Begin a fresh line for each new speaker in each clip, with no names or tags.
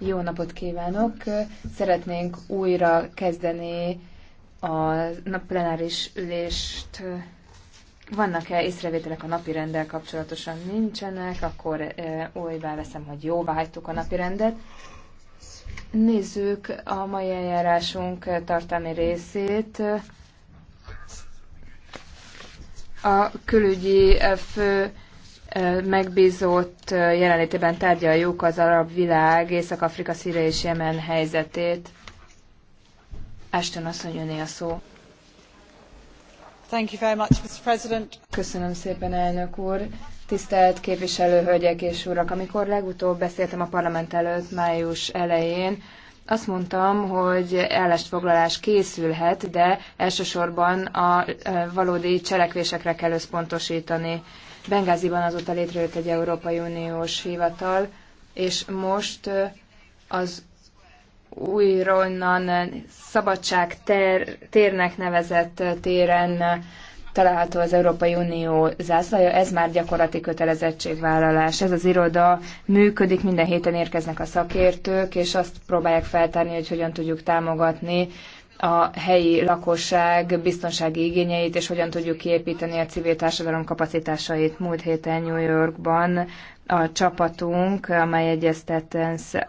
Jó napot kívánok! Szeretnénk újra kezdeni a plenáris ülést. Vannak-e észrevételek a napi rendel kapcsolatosan? Nincsenek, akkor eh, újra veszem, hogy jóvá hagytuk a napi rendet. Nézzük a mai eljárásunk tartalmi részét. A külügyi fő megbízott jelenlétében tárgyaljuk az arab világ, Észak-Afrika, Szíria és Jemen helyzetét. Ashton asszony jönné a szó. Thank you very much, Mr. President. Köszönöm szépen, elnök úr. Tisztelt képviselő hölgyek és urak, amikor legutóbb beszéltem a parlament előtt május elején, azt mondtam, hogy állásfoglalás készülhet, de elsősorban a valódi cselekvésekre kell összpontosítani. Bengáziban azóta létrejött egy Európai Uniós hivatal, és most az újronnan szabadság ter, térnek nevezett téren található az Európai Unió zászlaja, ez már gyakorlati kötelezettségvállalás. Ez az iroda működik, minden héten érkeznek a szakértők, és azt próbálják feltárni, hogy hogyan tudjuk támogatni a helyi lakosság biztonsági igényeit, és hogyan tudjuk kiépíteni a civil társadalom kapacitásait. Múlt héten New Yorkban a csapatunk, amely egyeztett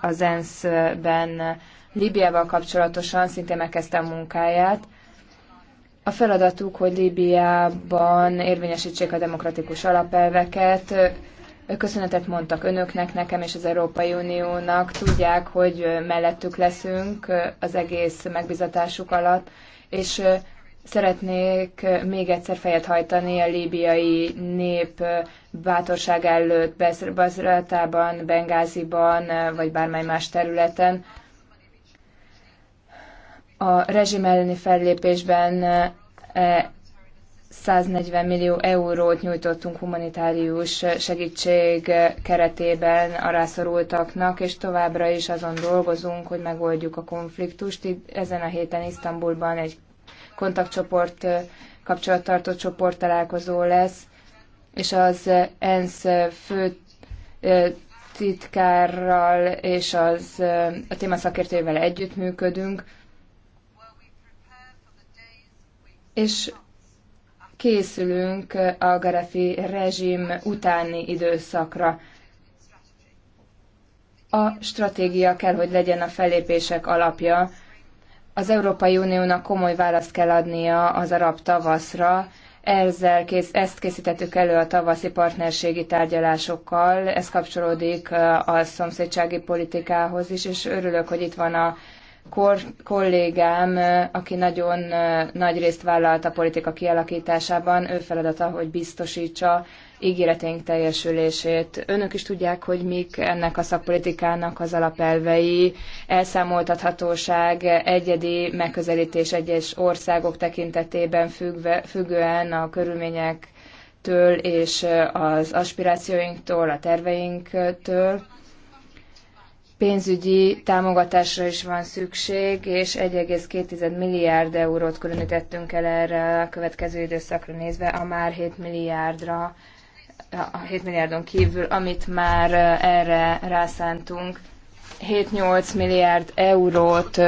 az ENSZ-ben Líbiával kapcsolatosan, szintén megkezdte a munkáját. A feladatuk, hogy Líbiában érvényesítsék a demokratikus alapelveket, köszönetet mondtak önöknek, nekem és az Európai Uniónak. Tudják, hogy mellettük leszünk az egész megbizatásuk alatt, és szeretnék még egyszer fejet hajtani a líbiai nép bátorság előtt Bazratában, Bengáziban, vagy bármely más területen. A rezsim elleni fellépésben 140 millió eurót nyújtottunk humanitárius segítség keretében a rászorultaknak, és továbbra is azon dolgozunk, hogy megoldjuk a konfliktust. Itt, ezen a héten Isztambulban egy kontaktcsoport, kapcsolattartó csoport találkozó lesz, és az ENSZ fő titkárral és az, a téma szakértőjével együttműködünk, és készülünk a Gaddafi rezsim utáni időszakra. A stratégia kell, hogy legyen a felépések alapja. Az Európai Uniónak komoly választ kell adnia az arab tavaszra, ezzel kész, ezt készítettük elő a tavaszi partnerségi tárgyalásokkal, ez kapcsolódik a szomszédsági politikához is, és örülök, hogy itt van a kor, kollégám, aki nagyon nagy részt vállalt a politika kialakításában, ő feladata, hogy biztosítsa ígéreténk teljesülését. Önök is tudják, hogy mik ennek a szakpolitikának az alapelvei, elszámoltathatóság, egyedi megközelítés egyes országok tekintetében függve, függően a körülményektől és az aspirációinktól, a terveinktől pénzügyi támogatásra is van szükség, és 1,2 milliárd eurót különítettünk el erre a következő időszakra nézve, a már 7 milliárdra, a 7 milliárdon kívül, amit már erre rászántunk. 7-8 milliárd eurót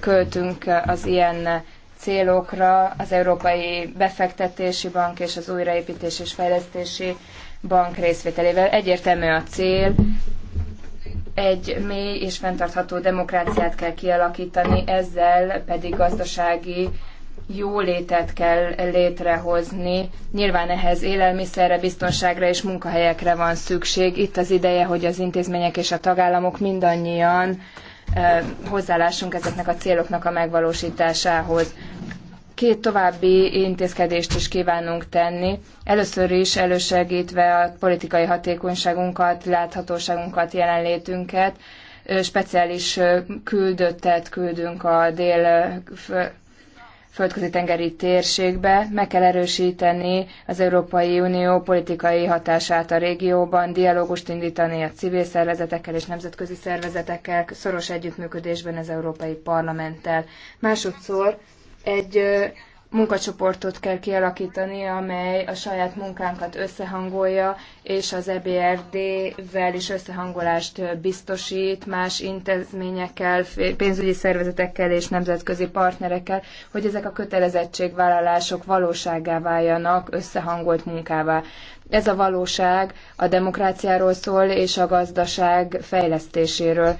költünk az ilyen célokra, az Európai Befektetési Bank és az Újraépítés és Fejlesztési Bank részvételével. Egyértelmű a cél, egy mély és fenntartható demokráciát kell kialakítani, ezzel pedig gazdasági jólétet kell létrehozni. Nyilván ehhez élelmiszerre, biztonságra és munkahelyekre van szükség. Itt az ideje, hogy az intézmények és a tagállamok mindannyian eh, hozzálássunk ezeknek a céloknak a megvalósításához. Két további intézkedést is kívánunk tenni. Először is elősegítve a politikai hatékonyságunkat, láthatóságunkat, jelenlétünket. Speciális küldöttet küldünk a dél földközi tengeri térségbe, meg kell erősíteni az Európai Unió politikai hatását a régióban, dialógust indítani a civil szervezetekkel és nemzetközi szervezetekkel, szoros együttműködésben az Európai Parlamenttel. Másodszor egy munkacsoportot kell kialakítani, amely a saját munkánkat összehangolja, és az EBRD-vel is összehangolást biztosít más intézményekkel, pénzügyi szervezetekkel és nemzetközi partnerekkel, hogy ezek a kötelezettségvállalások valóságá váljanak összehangolt munkává. Ez a valóság a demokráciáról szól és a gazdaság fejlesztéséről.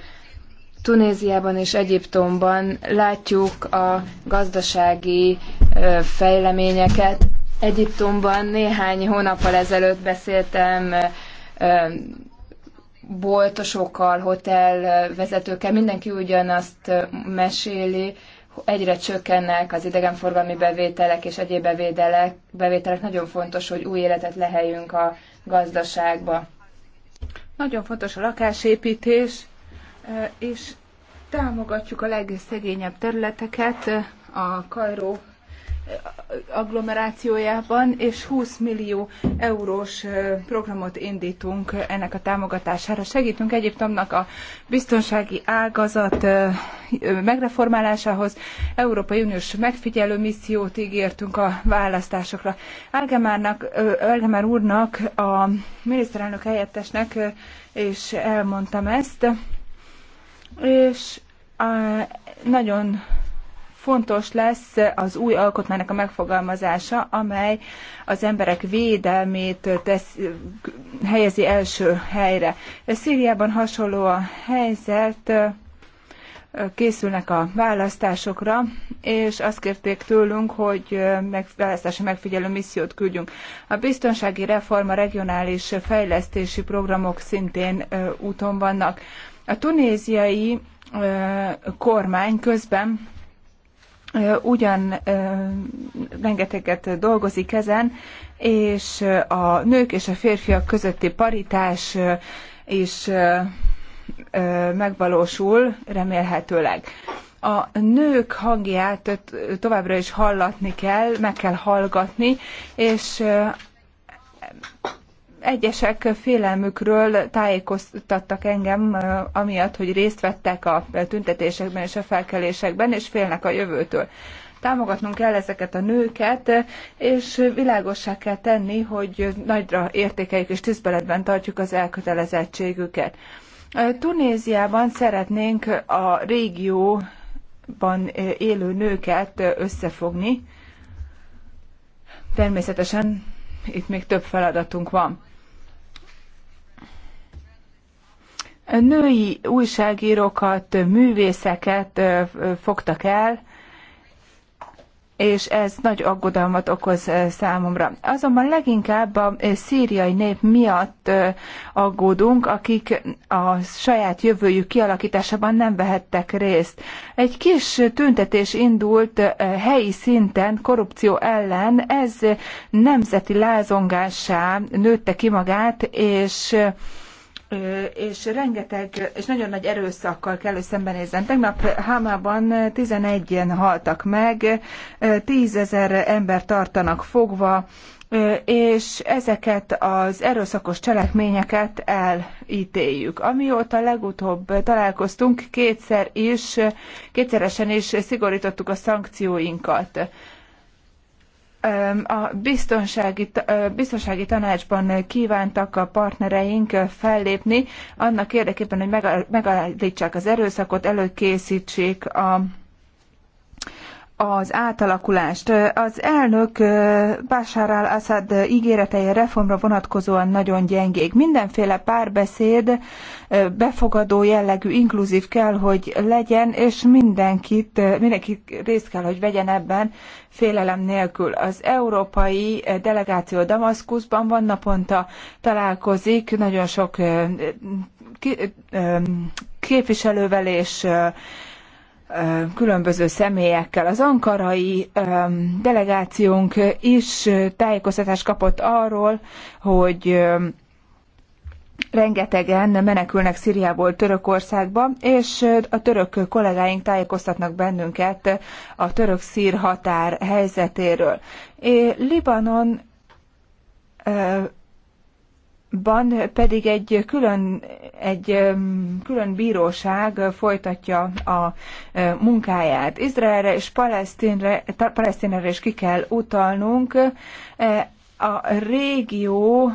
Tunéziában és Egyiptomban látjuk a gazdasági fejleményeket. Egyiptomban néhány hónappal ezelőtt beszéltem boltosokkal, hotelvezetőkkel, mindenki ugyanazt meséli, egyre csökkennek az idegenforgalmi bevételek és egyéb bevételek, bevételek. Nagyon fontos, hogy új életet leheljünk a gazdaságba.
Nagyon fontos a lakásépítés, és támogatjuk a legszegényebb területeket a Kajró agglomerációjában, és 20 millió eurós programot indítunk ennek a támogatására. Segítünk Egyiptomnak a biztonsági ágazat megreformálásához. Európai Uniós megfigyelő missziót ígértünk a választásokra. Elgemárnak, Elgemár úrnak, a miniszterelnök helyettesnek, és elmondtam ezt, és a, nagyon fontos lesz az új alkotmánynak a megfogalmazása, amely az emberek védelmét tesz, helyezi első helyre. Szíriában hasonló a helyzet, készülnek a választásokra, és azt kérték tőlünk, hogy meg, választási megfigyelő missziót küldjünk. A biztonsági reforma regionális fejlesztési programok szintén úton vannak. A tunéziai kormány közben ugyan rengeteget dolgozik ezen, és a nők és a férfiak közötti paritás is megvalósul remélhetőleg. A nők hangját továbbra is hallatni kell, meg kell hallgatni, és Egyesek félelmükről tájékoztattak engem, amiatt, hogy részt vettek a tüntetésekben és a felkelésekben, és félnek a jövőtől támogatnunk kell ezeket a nőket, és világossá kell tenni, hogy nagyra értékeljük és tiszteletben tartjuk az elkötelezettségüket. Tunéziában szeretnénk a régióban élő nőket összefogni. Természetesen itt még több feladatunk van. női újságírókat, művészeket fogtak el, és ez nagy aggodalmat okoz számomra. Azonban leginkább a szíriai nép miatt aggódunk, akik a saját jövőjük kialakításában nem vehettek részt. Egy kis tüntetés indult helyi szinten korrupció ellen, ez nemzeti lázongássá nőtte ki magát, és és rengeteg, és nagyon nagy erőszakkal kell, hogy szembenézzen. Tegnap Hámában 11-en haltak meg, 10 ezer ember tartanak fogva, és ezeket az erőszakos cselekményeket elítéljük. Amióta legutóbb találkoztunk, kétszer is, kétszeresen is szigorítottuk a szankcióinkat a biztonsági, biztonsági tanácsban kívántak a partnereink fellépni annak érdekében, hogy megállítsák az erőszakot, előkészítsék a az átalakulást. Az elnök Bashar al-Assad ígéretei reformra vonatkozóan nagyon gyengék. Mindenféle párbeszéd befogadó jellegű, inkluzív kell, hogy legyen, és mindenkit, mindenki részt kell, hogy vegyen ebben félelem nélkül. Az európai delegáció Damaszkuszban van naponta találkozik, nagyon sok képviselővel és különböző személyekkel. Az ankarai delegációnk is tájékoztatást kapott arról, hogy rengetegen menekülnek Szíriából Törökországba, és a török kollégáink tájékoztatnak bennünket a török-szír határ helyzetéről. É, Libanon Ban pedig egy külön, egy külön bíróság folytatja a munkáját. Izraelre és Palesztinre, Palesztinre is ki kell utalnunk. E, a régió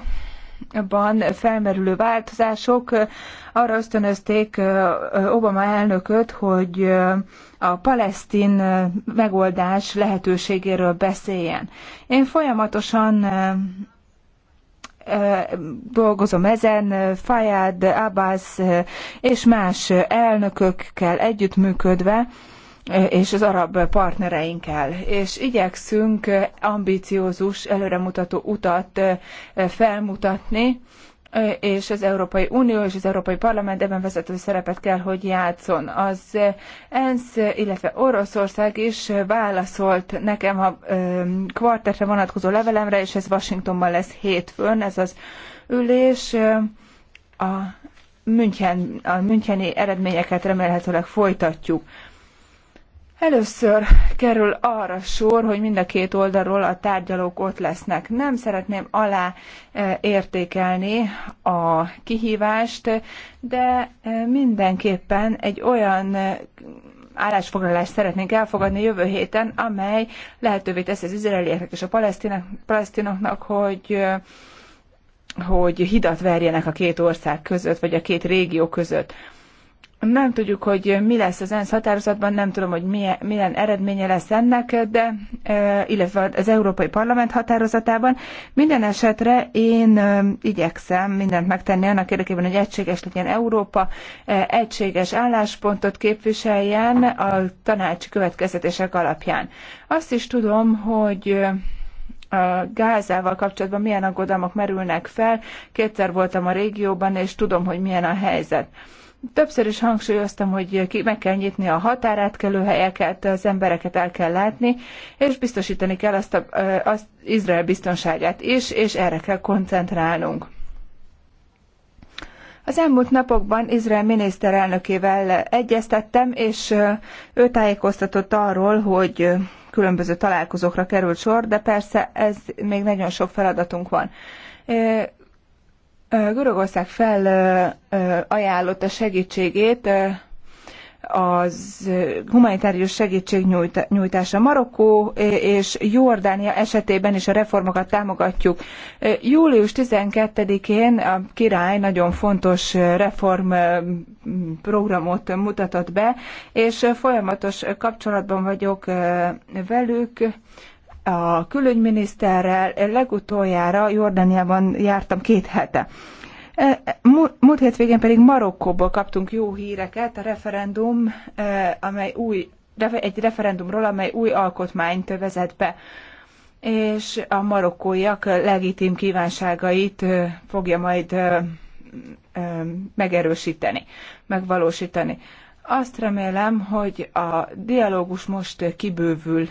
ban felmerülő változások e, arra ösztönözték e, Obama elnököt, hogy a palesztin megoldás lehetőségéről beszéljen. Én folyamatosan dolgozom ezen, Fayad, Abbas eh, és más elnökökkel együttműködve, eh, és az arab partnereinkkel, és igyekszünk eh, ambiciózus, előremutató utat felmutatni, és az Európai Unió és az Európai Parlament ebben vezető szerepet kell, hogy játszon. Az ENSZ, illetve Oroszország is válaszolt nekem a kvartetre vonatkozó levelemre, és ez Washingtonban lesz hétfőn, ez az ülés. A München, a müncheni eredményeket remélhetőleg folytatjuk. Először kerül arra sor, hogy mind a két oldalról a tárgyalók ott lesznek. Nem szeretném alá e, értékelni a kihívást, de e, mindenképpen egy olyan e, állásfoglalást szeretnénk elfogadni jövő héten, amely lehetővé teszi az izraelieknek és a palesztinoknak, hogy hogy hidat verjenek a két ország között, vagy a két régió között. Nem tudjuk, hogy mi lesz az ENSZ határozatban, nem tudom, hogy milyen, milyen eredménye lesz ennek, de illetve az Európai Parlament határozatában. Minden esetre én igyekszem mindent megtenni annak érdekében, hogy egységes legyen Európa, egységes álláspontot képviseljen a tanácsi következtetések alapján. Azt is tudom, hogy a Gázával kapcsolatban milyen aggodalmak merülnek fel. Kétszer voltam a régióban, és tudom, hogy milyen a helyzet. Többször is hangsúlyoztam, hogy ki, meg kell nyitni a határátkelő helyeket, az embereket el kell látni, és biztosítani kell azt, a, azt Izrael biztonságát is, és erre kell koncentrálnunk. Az elmúlt napokban Izrael miniszterelnökével egyeztettem, és ő tájékoztatott arról, hogy különböző találkozókra került sor, de persze ez még nagyon sok feladatunk van. Görögország fel ajánlott a segítségét az humanitárius segítség nyújtása Marokkó és Jordánia esetében is a reformokat támogatjuk. Július 12-én a király nagyon fontos reformprogramot mutatott be, és folyamatos kapcsolatban vagyok velük, a külügyminiszterrel, legutoljára Jordániában jártam két hete. E, múlt hétvégén pedig Marokkóból kaptunk jó híreket, a referendum, e, amely új, egy referendumról, amely új alkotmányt vezet be, és a marokkóiak legitim kívánságait e, fogja majd megerősíteni, megvalósítani. Azt remélem, hogy a dialógus most kibővül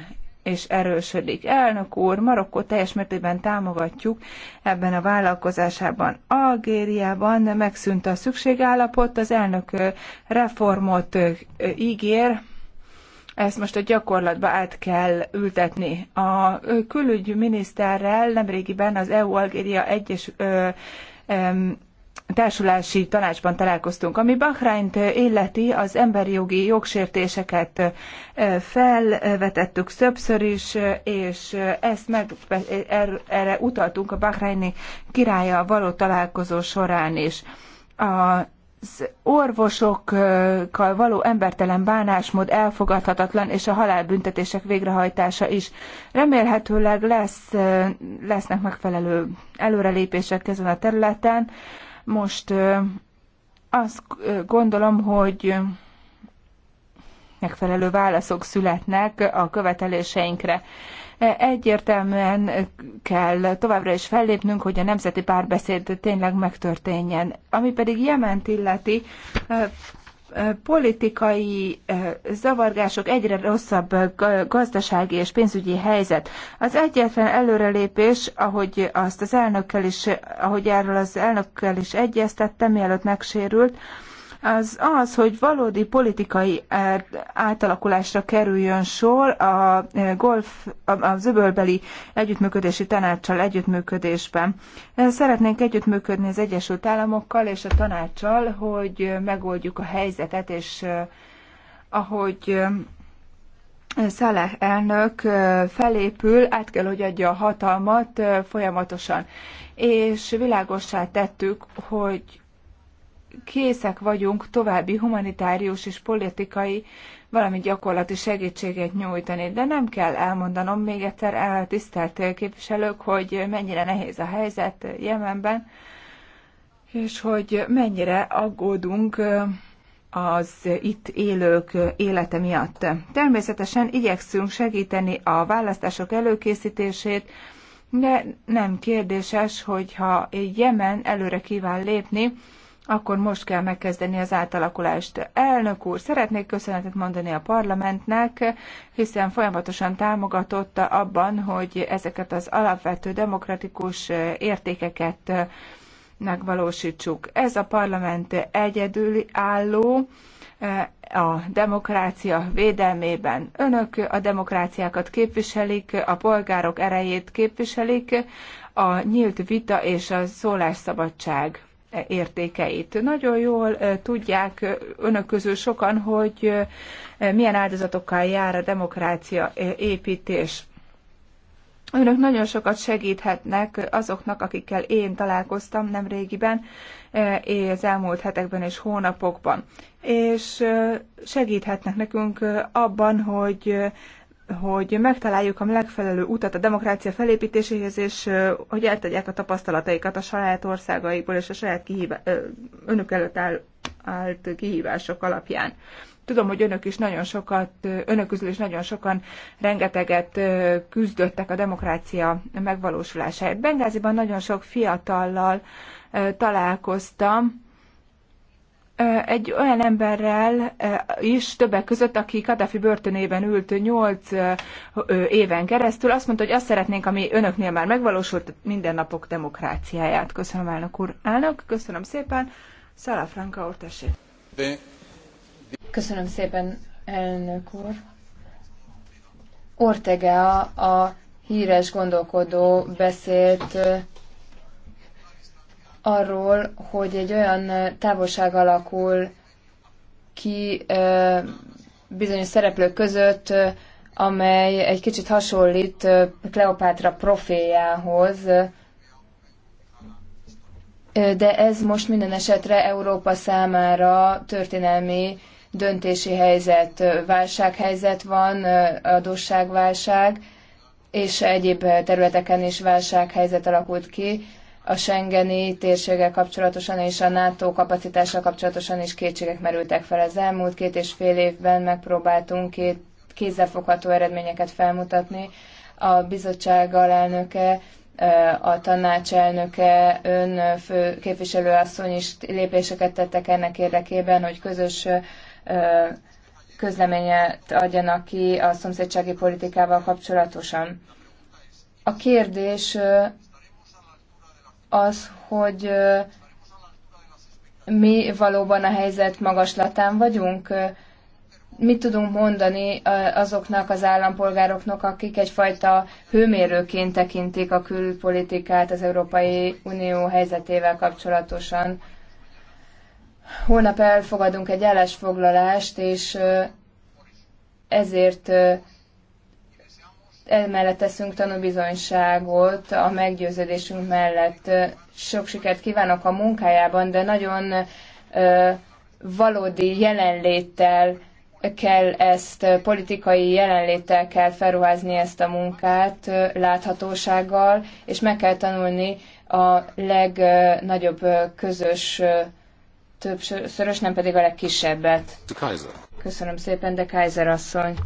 és erősödik. Elnök úr, Marokkó teljes mértékben támogatjuk ebben a vállalkozásában. Algériában megszűnt a szükségállapot, az elnök reformot ígér, ezt most a gyakorlatba át kell ültetni. A külügyminiszterrel nemrégiben az EU-Algéria egyes ö, társulási tanácsban találkoztunk, ami Bahrányt illeti, az emberi jogi jogsértéseket felvetettük többször is, és ezt meg, er, erre utaltunk a Bahrájni királya való találkozó során is. A az orvosokkal való embertelen bánásmód elfogadhatatlan, és a halálbüntetések végrehajtása is. Remélhetőleg lesz, lesznek megfelelő előrelépések ezen a területen. Most azt gondolom, hogy megfelelő válaszok születnek a követeléseinkre. E, egyértelműen kell továbbra is fellépnünk, hogy a nemzeti párbeszéd tényleg megtörténjen. Ami pedig Jement illeti, politikai eh, zavargások, egyre rosszabb eh, gazdasági és pénzügyi helyzet. Az egyetlen előrelépés, ahogy azt az elnökkel is, ahogy erről az elnökkel is egyeztettem, mielőtt megsérült, az az, hogy valódi politikai átalakulásra kerüljön sor a e, golf, az öbölbeli együttműködési tanácssal együttműködésben. E, szeretnénk együttműködni az Egyesült Államokkal és a tanácssal, hogy megoldjuk a helyzetet, és e, ahogy Szaleh elnök felépül, át kell, hogy adja a hatalmat folyamatosan. És világossá tettük, hogy készek vagyunk további humanitárius és politikai, valamint gyakorlati segítséget nyújtani. De nem kell elmondanom még egyszer, tisztelt képviselők, hogy mennyire nehéz a helyzet Jemenben, és hogy mennyire aggódunk az itt élők élete miatt. Természetesen igyekszünk segíteni a választások előkészítését, de nem kérdéses, hogyha Jemen előre kíván lépni, akkor most kell megkezdeni az átalakulást. Elnök úr, szeretnék köszönetet mondani a parlamentnek, hiszen folyamatosan támogatotta abban, hogy ezeket az alapvető demokratikus értékeket megvalósítsuk. Ez a parlament egyedül álló a demokrácia védelmében. Önök a demokráciákat képviselik, a polgárok erejét képviselik, a nyílt vita és a szólásszabadság értékeit. Nagyon jól tudják önök közül sokan, hogy milyen áldozatokkal jár a demokrácia építés. Önök nagyon sokat segíthetnek azoknak, akikkel én találkoztam nem régiben, az elmúlt hetekben és hónapokban. És segíthetnek nekünk abban, hogy hogy megtaláljuk a megfelelő utat a demokrácia felépítéséhez, és hogy eltegyek a tapasztalataikat a saját országaikból és a saját kihívá- önök előtt áll, állt kihívások alapján. Tudom, hogy önök is nagyon sokat, önök közül is nagyon sokan rengeteget küzdöttek a demokrácia megvalósulásáért. Bengáziban nagyon sok fiatallal találkoztam, egy olyan emberrel is, többek között, aki Kadafi börtönében ült 8 éven keresztül, azt mondta, hogy azt szeretnénk, ami önöknél már megvalósult, mindennapok demokráciáját. Köszönöm, elnök úr. Elnök, köszönöm szépen. Szala Franka úr, tessék.
Köszönöm szépen, elnök úr. Ortega a híres gondolkodó beszélt arról, hogy egy olyan távolság alakul ki bizonyos szereplők között, amely egy kicsit hasonlít Kleopátra proféjához, de ez most minden esetre Európa számára történelmi döntési helyzet, válsághelyzet van, adósságválság, és egyéb területeken is válsághelyzet alakult ki a Schengeni térséggel kapcsolatosan és a NATO kapacitással kapcsolatosan is kétségek merültek fel. Az elmúlt két és fél évben megpróbáltunk két kézzelfogható eredményeket felmutatni. A bizottság alelnöke, a tanács elnöke, ön fő képviselőasszony is lépéseket tettek ennek érdekében, hogy közös közleményet adjanak ki a szomszédsági politikával kapcsolatosan. A kérdés az, hogy mi valóban a helyzet magaslatán vagyunk? Mit tudunk mondani azoknak az állampolgároknak, akik egyfajta hőmérőként tekintik a külpolitikát az Európai Unió helyzetével kapcsolatosan? Holnap elfogadunk egy állásfoglalást, és ezért emellett teszünk tanúbizonyságot a meggyőződésünk mellett. Sok sikert kívánok a munkájában, de nagyon valódi jelenléttel kell ezt, politikai jelenléttel kell felruházni ezt a munkát, láthatósággal, és meg kell tanulni a legnagyobb közös többszörös, nem pedig a legkisebbet. Köszönöm szépen, de Kaiser asszony.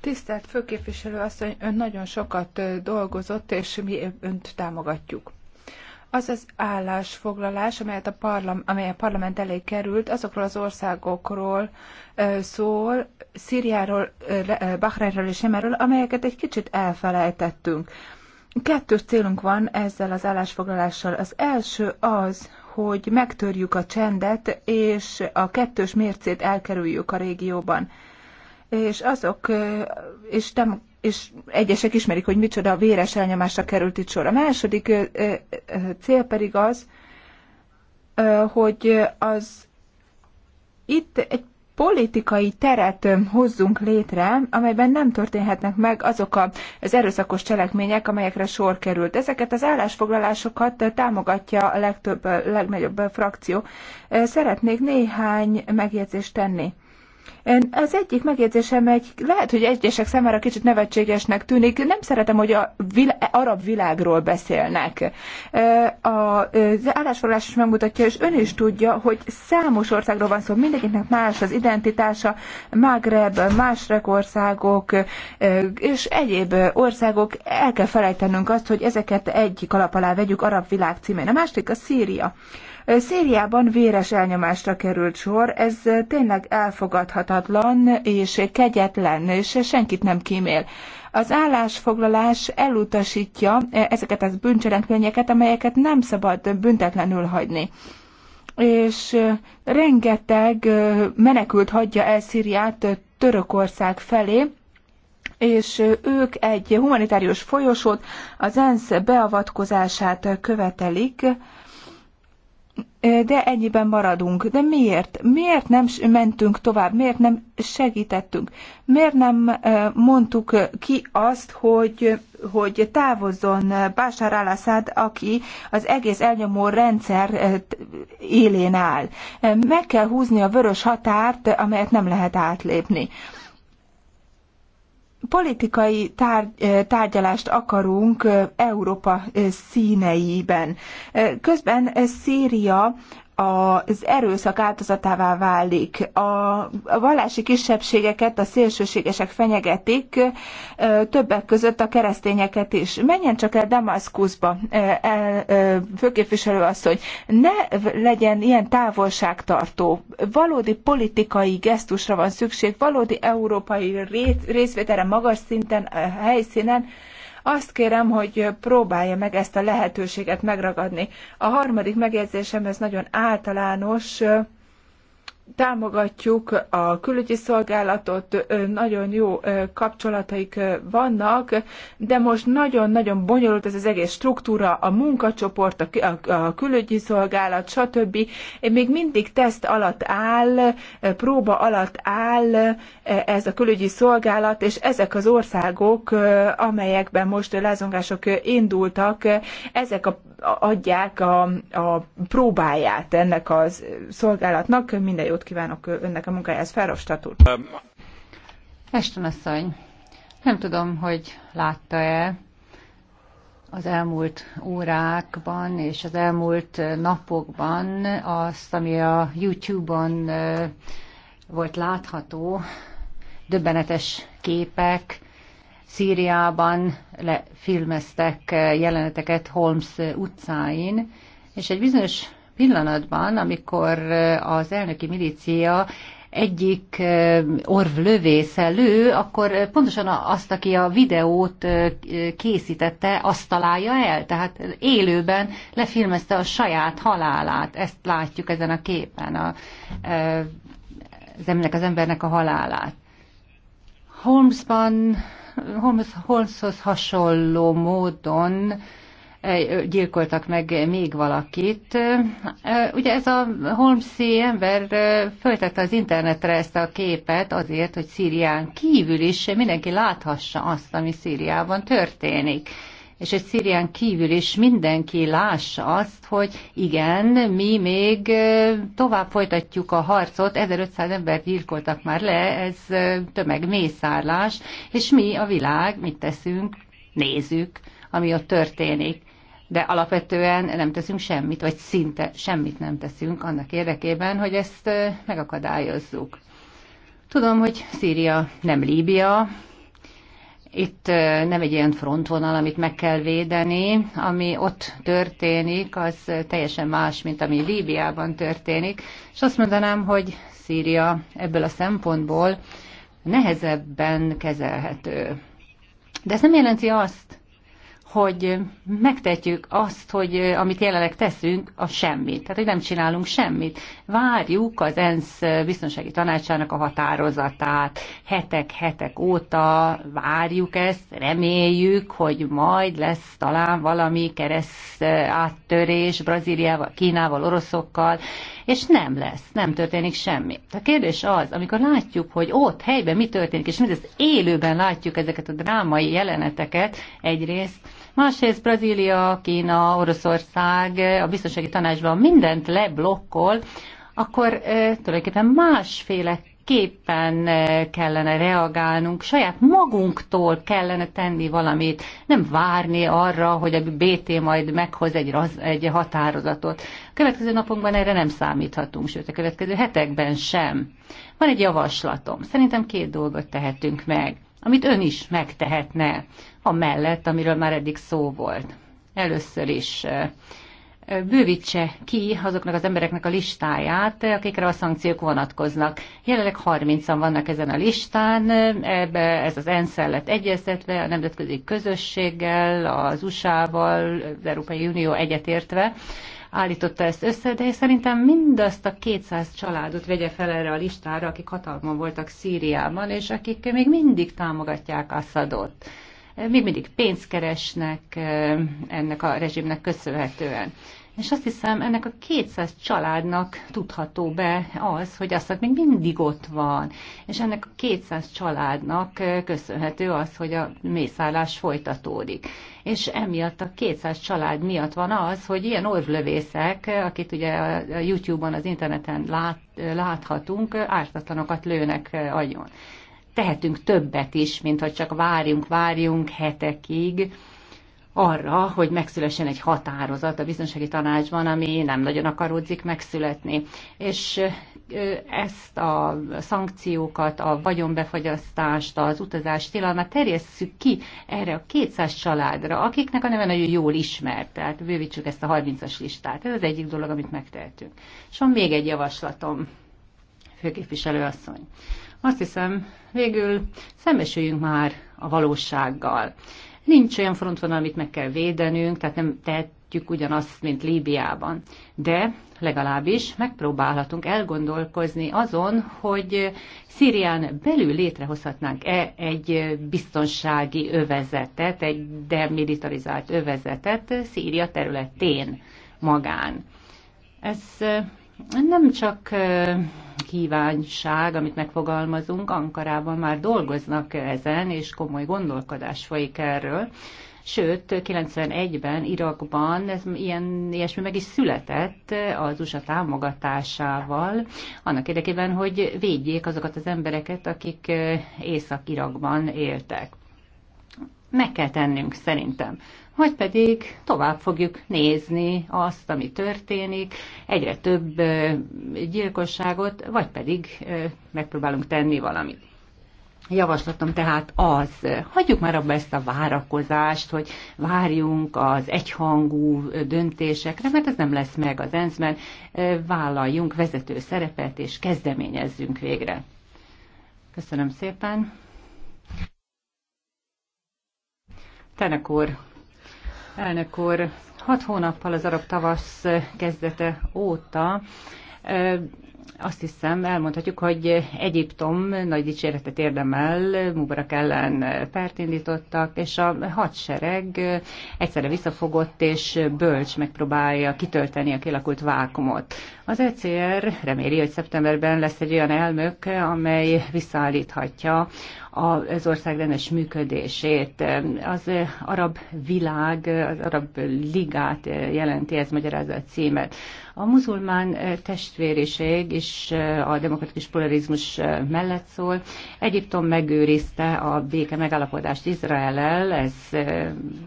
Tisztelt főképviselő asszony, ön nagyon sokat dolgozott, és mi önt támogatjuk az az állásfoglalás, amelyet a parlam, amely a parlament elé került, azokról az országokról szól, Szíriáról, Bahreinről és Jemenről, amelyeket egy kicsit elfelejtettünk. Kettős célunk van ezzel az állásfoglalással. Az első az, hogy megtörjük a csendet, és a kettős mércét elkerüljük a régióban és azok, és, nem, és egyesek ismerik, hogy micsoda a véres elnyomásra került itt sor. A második cél pedig az, hogy az itt egy politikai teret hozzunk létre, amelyben nem történhetnek meg azok a, az erőszakos cselekmények, amelyekre sor került. Ezeket az állásfoglalásokat támogatja a legtöbb, legnagyobb frakció. Szeretnék néhány megjegyzést tenni. Az egyik megjegyzésem egy, lehet, hogy egyesek számára kicsit nevetségesnek tűnik. Nem szeretem, hogy a vil- arab világról beszélnek. Az állásforrás is megmutatja, és ön is tudja, hogy számos országról van szó, mindegyiknek más az identitása, Magreb, más országok és egyéb országok. El kell felejtenünk azt, hogy ezeket egyik alap alá vegyük arab világ címén. A másik a Szíria. Szíriában véres elnyomásra került sor, ez tényleg elfogadhatatlan és kegyetlen, és senkit nem kímél. Az állásfoglalás elutasítja ezeket az bűncselekményeket, amelyeket nem szabad büntetlenül hagyni és rengeteg menekült hagyja el Szíriát Törökország felé, és ők egy humanitárius folyosót, az ENSZ beavatkozását követelik, de ennyiben maradunk. De miért? Miért nem mentünk tovább? Miért nem segítettünk? Miért nem mondtuk ki azt, hogy, hogy távozzon Bashar al aki az egész elnyomó rendszer élén áll? Meg kell húzni a vörös határt, amelyet nem lehet átlépni politikai tárgy, tárgyalást akarunk Európa színeiben. Közben Szíria az erőszak áldozatává válik. A vallási kisebbségeket a szélsőségesek fenyegetik, többek között a keresztényeket is. Menjen csak el Damaszkuszba, főképviselő asszony, ne legyen ilyen távolságtartó. Valódi politikai gesztusra van szükség, valódi európai részvételre magas szinten, helyszínen, azt kérem, hogy próbálja meg ezt a lehetőséget megragadni. A harmadik megjegyzésem, ez nagyon általános, támogatjuk a külügyi szolgálatot, nagyon jó kapcsolataik vannak, de most nagyon-nagyon bonyolult ez az egész struktúra, a munkacsoport, a külügyi szolgálat, stb. Még mindig teszt alatt áll, próba alatt áll ez a külügyi szolgálat, és ezek az országok, amelyekben most lázongások indultak, ezek a adják a, a próbáját ennek a szolgálatnak. Minden jót kívánok önnek a munkájához, Ferrofstadt úr.
Eston asszony, nem tudom, hogy látta-e az elmúlt órákban és az elmúlt napokban azt, ami a YouTube-on volt látható, döbbenetes képek, Szíriában lefilmeztek eh, jeleneteket Holmes utcáin, és egy bizonyos pillanatban, amikor eh, az elnöki milícia egyik eh, orvlövésze lő, akkor pontosan azt, aki a videót készítette, azt találja el. Tehát élőben lefilmezte a saját halálát. Ezt látjuk ezen a képen, a, az embernek, az embernek a halálát. Holmesban Holmes, Holmeshoz hasonló módon eh, gyilkoltak meg még valakit. Eh, ugye ez a Holmesi ember eh, föltette az internetre ezt a képet azért, hogy Szírián kívül is mindenki láthassa azt, ami Szíriában történik és egy Szírián kívül is mindenki lássa azt, hogy igen, mi még tovább folytatjuk a harcot, 1500 ember gyilkoltak már le, ez tömegmészárlás, és mi a világ mit teszünk, nézzük, ami ott történik de alapvetően nem teszünk semmit, vagy szinte semmit nem teszünk annak érdekében, hogy ezt megakadályozzuk. Tudom, hogy Szíria nem Líbia, itt nem egy ilyen frontvonal, amit meg kell védeni, ami ott történik, az teljesen más, mint ami Líbiában történik, és azt mondanám, hogy Szíria ebből a szempontból nehezebben kezelhető. De ez nem jelenti azt, hogy megtetjük azt, hogy amit jelenleg teszünk, a semmit. Tehát, hogy nem csinálunk semmit. Várjuk az ENSZ biztonsági tanácsának a határozatát. Hetek, hetek óta várjuk ezt, reméljük, hogy majd lesz talán valami kereszt áttörés Brazíliával, Kínával, oroszokkal, és nem lesz, nem történik semmi. A kérdés az, amikor látjuk, hogy ott helyben mi történik, és mindezt élőben látjuk ezeket a drámai jeleneteket egyrészt, Másrészt Brazília, Kína, Oroszország a biztonsági tanácsban mindent leblokkol, akkor tulajdonképpen másféle képpen kellene reagálnunk, saját magunktól kellene tenni valamit, nem várni arra, hogy a BT majd meghoz egy, raz, egy határozatot. A következő napokban erre nem számíthatunk, sőt a következő hetekben sem. Van egy javaslatom. Szerintem két dolgot tehetünk meg, amit ön is megtehetne amellett, amiről már eddig szó volt. Először is bővítse ki azoknak az embereknek a listáját, akikre a szankciók vonatkoznak. Jelenleg 30-an vannak ezen a listán, ebbe ez az ENSZ lett egyeztetve, a nemzetközi közösséggel, az USA-val, az Európai Unió egyetértve állította ezt össze, de szerintem mindazt a 200 családot vegye fel erre a listára, akik hatalmon voltak Szíriában, és akik még mindig támogatják Assadot még mindig pénzt keresnek ennek a rezsimnek köszönhetően. És azt hiszem, ennek a 200 családnak tudható be az, hogy azt még mindig ott van. És ennek a 200 családnak köszönhető az, hogy a mészállás folytatódik. És emiatt a 200 család miatt van az, hogy ilyen orvlövészek, akit ugye a YouTube-on, az interneten lát, láthatunk, ártatlanokat lőnek agyon tehetünk többet is, mint hogy csak várjunk, várjunk hetekig arra, hogy megszülessen egy határozat a biztonsági tanácsban, ami nem nagyon akaródzik megszületni. És ezt a szankciókat, a vagyonbefagyasztást, az utazás tilalmát terjesszük ki erre a 200 családra, akiknek a neve nagyon jól ismert, tehát bővítsük ezt a 30-as listát. Ez az egyik dolog, amit megtehetünk. És van még egy javaslatom, főképviselő asszony. Azt hiszem, végül szembesüljünk már a valósággal. Nincs olyan frontvonal, amit meg kell védenünk, tehát nem tehetjük ugyanazt, mint Líbiában. De legalábbis megpróbálhatunk elgondolkozni azon, hogy Szírián belül létrehozhatnánk-e egy biztonsági övezetet, egy demilitarizált övezetet Szíria területén magán. Ez nem csak kívánság, amit megfogalmazunk, Ankarában már dolgoznak ezen, és komoly gondolkodás folyik erről. Sőt, 91-ben Irakban ez ilyen, ilyesmi meg is született az USA támogatásával, annak érdekében, hogy védjék azokat az embereket, akik eh, Észak-Irakban éltek meg kell tennünk szerintem. Vagy pedig tovább fogjuk nézni azt, ami történik, egyre több gyilkosságot, vagy pedig megpróbálunk tenni valamit. Javaslatom tehát az, hagyjuk már abba ezt a várakozást, hogy várjunk az egyhangú döntésekre, mert ez nem lesz meg az ensz vállaljunk vezető szerepet és kezdeményezzünk végre. Köszönöm szépen! Elnök úr, elnök úr, hat hónappal az arab tavasz kezdete óta azt hiszem, elmondhatjuk, hogy Egyiptom nagy dicséretet érdemel, Mubarak ellen pert indítottak, és a hadsereg egyszerre visszafogott és bölcs megpróbálja kitölteni a kilakult vákumot. Az ECR reméli, hogy szeptemberben lesz egy olyan elnök, amely visszaállíthatja az ország rendes működését. Az arab világ, az arab ligát jelenti, ez magyarázza a címet. A muzulmán testvériség is a demokratikus pluralizmus mellett szól. Egyiptom megőrizte a béke megállapodást Izrael-el, ez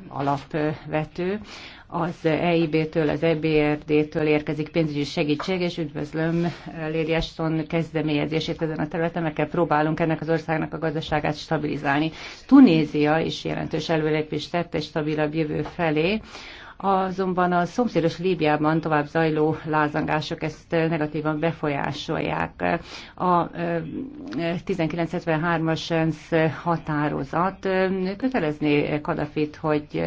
alapvető az EIB-től, az EBRD-től érkezik pénzügyi segítség, és üdvözlöm Léri Eston kezdeményezését ezen a területen, mert kell próbálunk ennek az országnak a gazdaságát stabilizálni. Tunézia is jelentős előrelépést tett egy stabilabb jövő felé, azonban a szomszédos Líbiában tovább zajló lázangások ezt negatívan befolyásolják. A 1973-as ENSZ határozat kötelezni Kadafit, hogy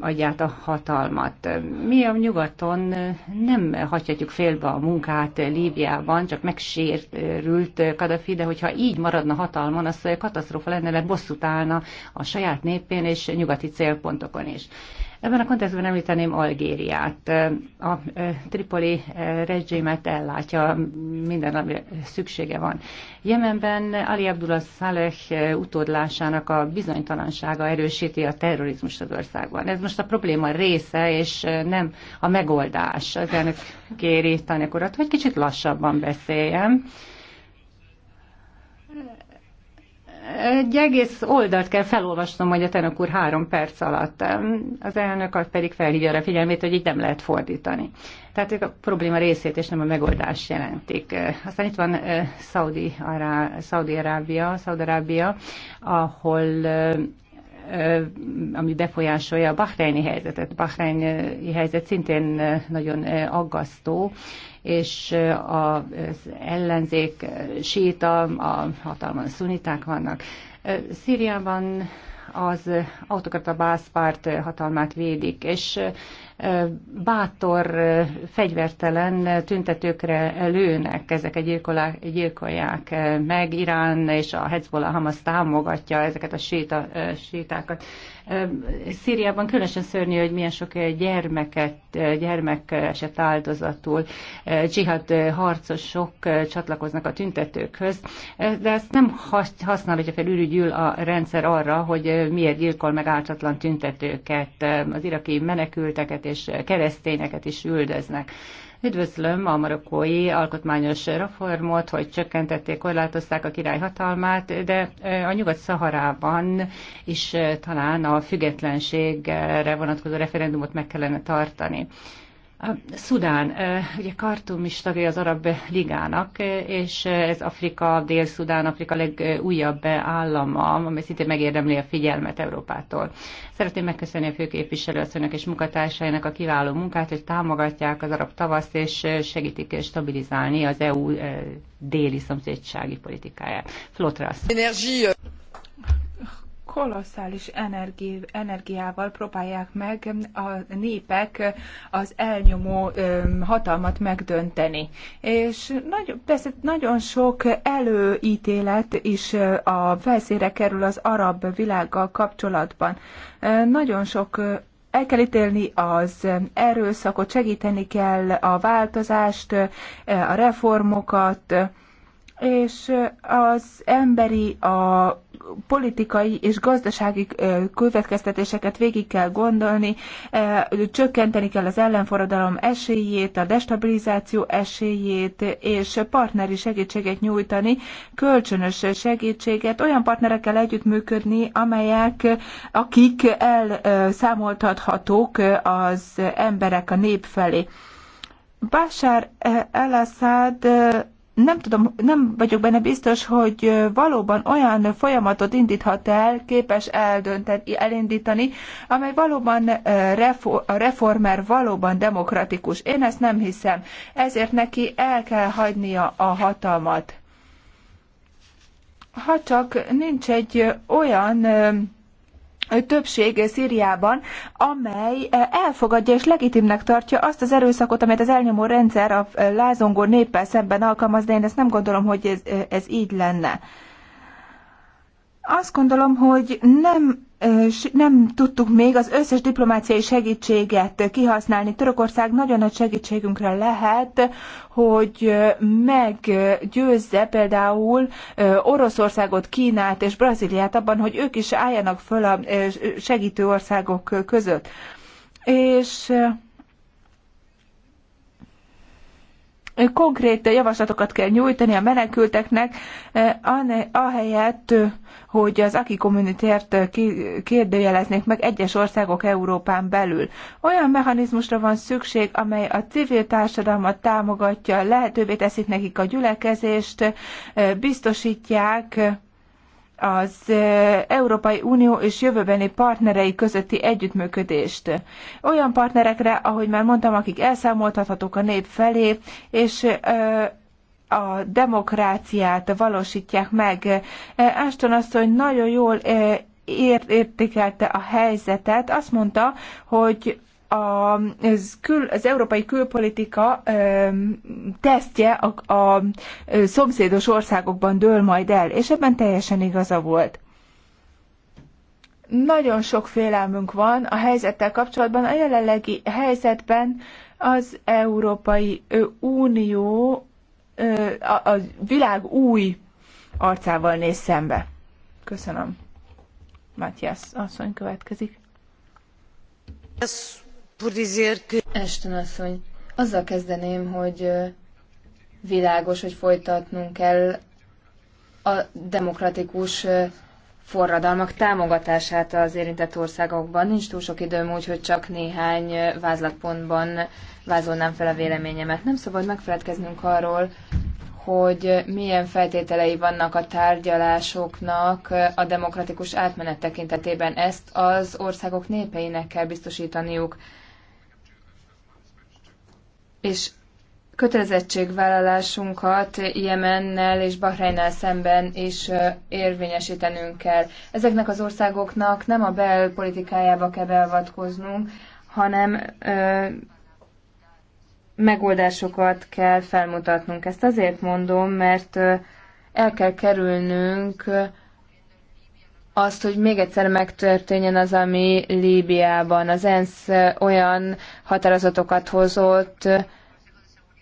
adját a hatalmat. Mi a nyugaton nem hagyhatjuk félbe a munkát Líbiában, csak megsérült Kadafi, de hogyha így maradna hatalmon, az katasztrófa lenne, mert bosszút állna a saját népén és nyugati célpontokon is. Ebben a kontextben említeném Algériát. A tripoli rezsémet ellátja minden, ami szüksége van. Jemenben Ali Abdullah Saleh utódlásának a bizonytalansága erősíti a terrorizmust az országban. Ez most a probléma része, és nem a megoldás. Az elnök kéri tanekurat, hogy kicsit lassabban beszéljem Egy egész oldalt kell felolvasnom, hogy a tenök úr három perc alatt. Az elnök pedig felhívja a figyelmét, hogy így nem lehet fordítani. Tehát ők a probléma részét és nem a megoldás jelentik. Aztán itt van Szaudi-Arábia, Szaudi-Arábia, ahol ami befolyásolja a bahreini helyzetet. Bahreini helyzet szintén nagyon aggasztó, és az ellenzék síta, a hatalmon szuniták vannak. Szíriában az autokrata bászpárt hatalmát védik, és bátor, fegyvertelen tüntetőkre lőnek, ezek gyilkolák, gyilkolják meg. Irán és a Hezbollah Hamas támogatja ezeket a séta, sétákat. Szíriában különösen szörnyű, hogy milyen sok gyermeket, gyermek esett áldozatul, dzsihad harcosok csatlakoznak a tüntetőkhöz, de ezt nem használja fel ürügyül a rendszer arra, hogy miért gyilkol meg ártatlan tüntetőket, az iraki menekülteket és keresztényeket is üldöznek. Üdvözlöm a marokkói alkotmányos reformot, hogy csökkentették, korlátozták a király hatalmát, de a Nyugat-Szaharában is talán a függetlenségre vonatkozó referendumot meg kellene tartani. A Szudán, ugye Kartum is tagja az Arab Ligának, és ez Afrika, Dél-Szudán, Afrika legújabb állama, amely szintén megérdemli a figyelmet Európától. Szeretném megköszönni a főképviselőasszonynak és munkatársainak a kiváló munkát, hogy támogatják az arab tavaszt, és segítik stabilizálni az EU déli szomszédsági politikáját. Flotrasz
kolosszális energi, energiával próbálják meg a népek az elnyomó hatalmat megdönteni. És nagy, persze nagyon sok előítélet is a felszére kerül az arab világgal kapcsolatban. Nagyon sok el kell ítélni az erőszakot, segíteni kell a változást, a reformokat, és az emberi, a politikai és gazdasági következtetéseket végig kell gondolni, csökkenteni kell az ellenforradalom esélyét, a destabilizáció esélyét, és partneri segítséget nyújtani, kölcsönös segítséget, olyan partnerekkel együttműködni, amelyek, akik elszámoltathatók az emberek, a nép felé. Bashar el-Assad nem tudom, nem vagyok benne biztos, hogy valóban olyan folyamatot indíthat el, képes eldönteni, elindítani, amely valóban a reformer valóban demokratikus. Én ezt nem hiszem. Ezért neki el kell hagynia a hatalmat. Ha csak nincs egy olyan többség Szíriában, amely eh, elfogadja és legitimnek tartja azt az erőszakot, amelyet az elnyomó rendszer a eh, lázongó néppel szemben alkalmaz, de én ezt nem gondolom, hogy ez, eh, ez így lenne. Azt gondolom, hogy nem nem tudtuk még az összes diplomáciai segítséget kihasználni. Törökország nagyon nagy segítségünkre lehet, hogy meggyőzze például Oroszországot, Kínát és Brazíliát abban, hogy ők is álljanak föl a segítő országok között. És konkrét javaslatokat kell nyújtani a menekülteknek, eh, ahelyett, eh, hogy az aki kommunitért eh, kérdőjeleznék meg egyes országok Európán belül. Olyan mechanizmusra van szükség, amely a civil társadalmat támogatja, lehetővé teszik nekik a gyülekezést, biztosítják az Európai Unió és jövőbeni partnerei közötti együttműködést. Olyan partnerekre, ahogy már mondtam, akik elszámoltathatók a nép felé, és a demokráciát valósítják meg. Ashton asszony nagyon jól értékelte a helyzetet. Azt mondta, hogy az, kül, az európai külpolitika tesztje a, a szomszédos országokban dől majd el, és ebben teljesen igaza volt. Nagyon sok félelmünk van a helyzettel kapcsolatban. A jelenlegi helyzetben az Európai Unió a, a világ új arcával néz szembe. Köszönöm. Matthias asszony következik.
Yes. Ashton asszony, azzal kezdeném, hogy világos, hogy folytatnunk kell a demokratikus forradalmak támogatását az érintett országokban. Nincs túl sok időm, úgyhogy csak néhány vázlatpontban vázolnám fel a véleményemet. Nem szabad megfeledkeznünk arról, hogy milyen feltételei vannak a tárgyalásoknak a demokratikus átmenet tekintetében. Ezt az országok népeinek kell biztosítaniuk és kötelezettségvállalásunkat Jemennel és Bahreinnel szemben is érvényesítenünk kell. Ezeknek az országoknak nem a belpolitikájába kell beavatkoznunk, hanem ö, megoldásokat kell felmutatnunk. Ezt azért mondom, mert ö, el kell kerülnünk ö, azt, hogy még egyszer megtörténjen az, ami Líbiában. Az ENSZ olyan határozatokat hozott,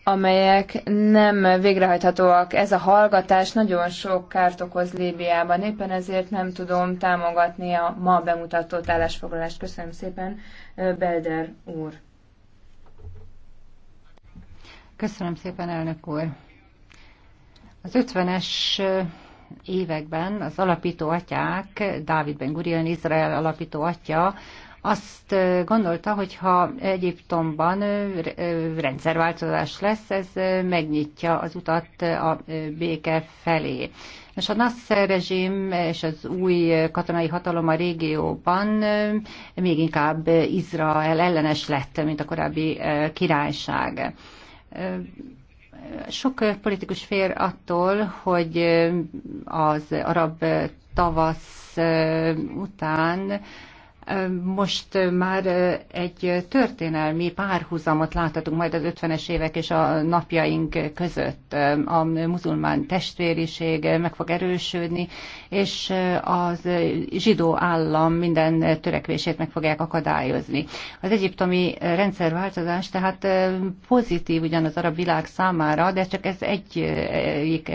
amelyek nem végrehajthatóak. Ez a hallgatás nagyon sok kárt okoz Líbiában, éppen ezért nem tudom támogatni a ma bemutatott állásfoglalást. Köszönöm szépen,
Belder úr. Köszönöm szépen, elnök úr. Az 50-es években az alapító atyák, Dávid Ben Gurion, Izrael alapító atya, azt gondolta, hogy ha Egyiptomban rendszerváltozás lesz, ez megnyitja az utat a béke felé. És a Nasser rezsim és az új katonai hatalom a régióban még inkább Izrael ellenes lett, mint a korábbi királyság sok politikus fér attól, hogy az arab tavasz után most már egy történelmi párhuzamot láthatunk majd az 50-es évek és a napjaink között. A muzulmán testvériség meg fog erősödni, és az zsidó állam minden törekvését meg fogják akadályozni. Az egyiptomi rendszerváltozás tehát pozitív ugyan az arab világ számára, de csak ez egyik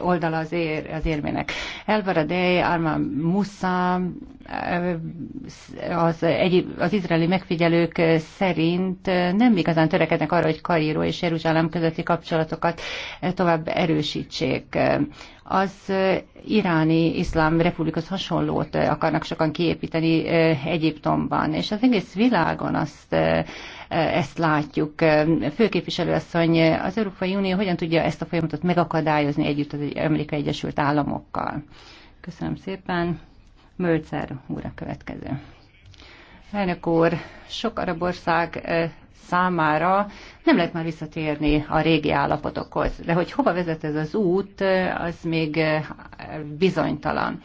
oldala az, ér, az érmének. Elvaradei, Armán Musza, az, egy, az izraeli megfigyelők szerint nem igazán törekednek arra, hogy Kairó és Jeruzsálem közötti kapcsolatokat tovább erősítsék. Az iráni iszlám republikus hasonlót akarnak sokan kiépíteni eh, Egyiptomban, és az egész világon azt eh, ezt látjuk. Főképviselőasszony, az Európai Unió hogyan tudja ezt a folyamatot megakadályozni együtt az Amerikai Egyesült Államokkal? Köszönöm szépen. Mölcer úr a következő. Elnök úr, sok arab ország számára nem lehet már visszatérni a régi állapotokhoz, de hogy hova vezet ez az út, az még bizonytalan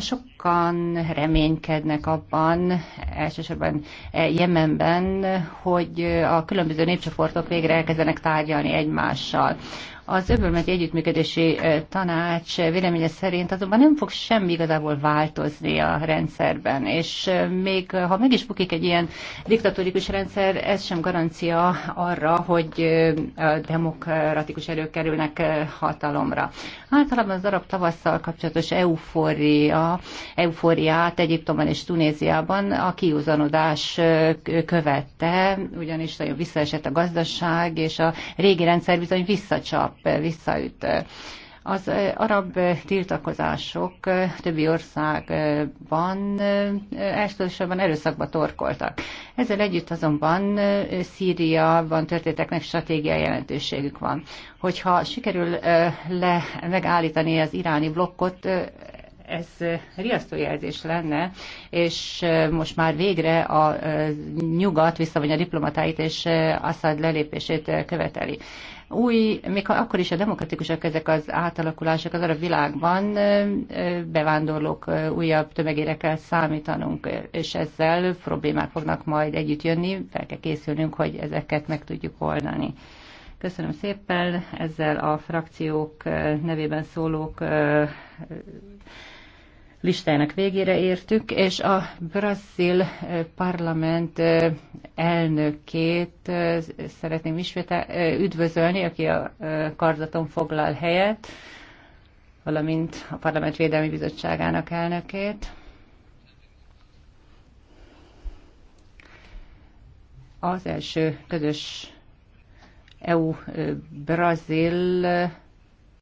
sokan reménykednek abban, elsősorban e, Jemenben, hogy a különböző népcsoportok végre elkezdenek tárgyalni egymással. Az öbölmegyi együttműködési tanács véleménye szerint azonban nem fog semmi igazából változni a rendszerben, és még ha meg is bukik egy ilyen diktatórikus rendszer, ez sem garancia arra, hogy demokratikus erők kerülnek hatalomra. Általában az arab tavasszal kapcsolatos eufória, eufóriát Egyiptomban és Tunéziában a kiúzanodás követte, ugyanis nagyon visszaesett a gazdaság, és a régi rendszer bizony visszacsap visszaüt. Az arab tiltakozások többi országban elsősorban erőszakba torkoltak. Ezzel együtt azonban Szíriában történteknek stratégiai jelentőségük van. Hogyha sikerül le, megállítani az iráni blokkot, ez jelzés lenne, és most már végre a nyugat visszavonja diplomatáit, és Assad lelépését követeli új, még akkor is a demokratikusak ezek az átalakulások az arab világban, bevándorlók újabb tömegére kell számítanunk, és ezzel problémák fognak majd együtt jönni, fel kell készülnünk, hogy ezeket meg tudjuk oldani. Köszönöm szépen, ezzel a frakciók nevében szólók listájának végére értük, és a brazil eh, parlament eh, elnökét eh, szeretném ismét üdvözölni, aki a karzaton foglal helyet, valamint a Parlament Védelmi Bizottságának elnökét. Az első közös EU-Brazil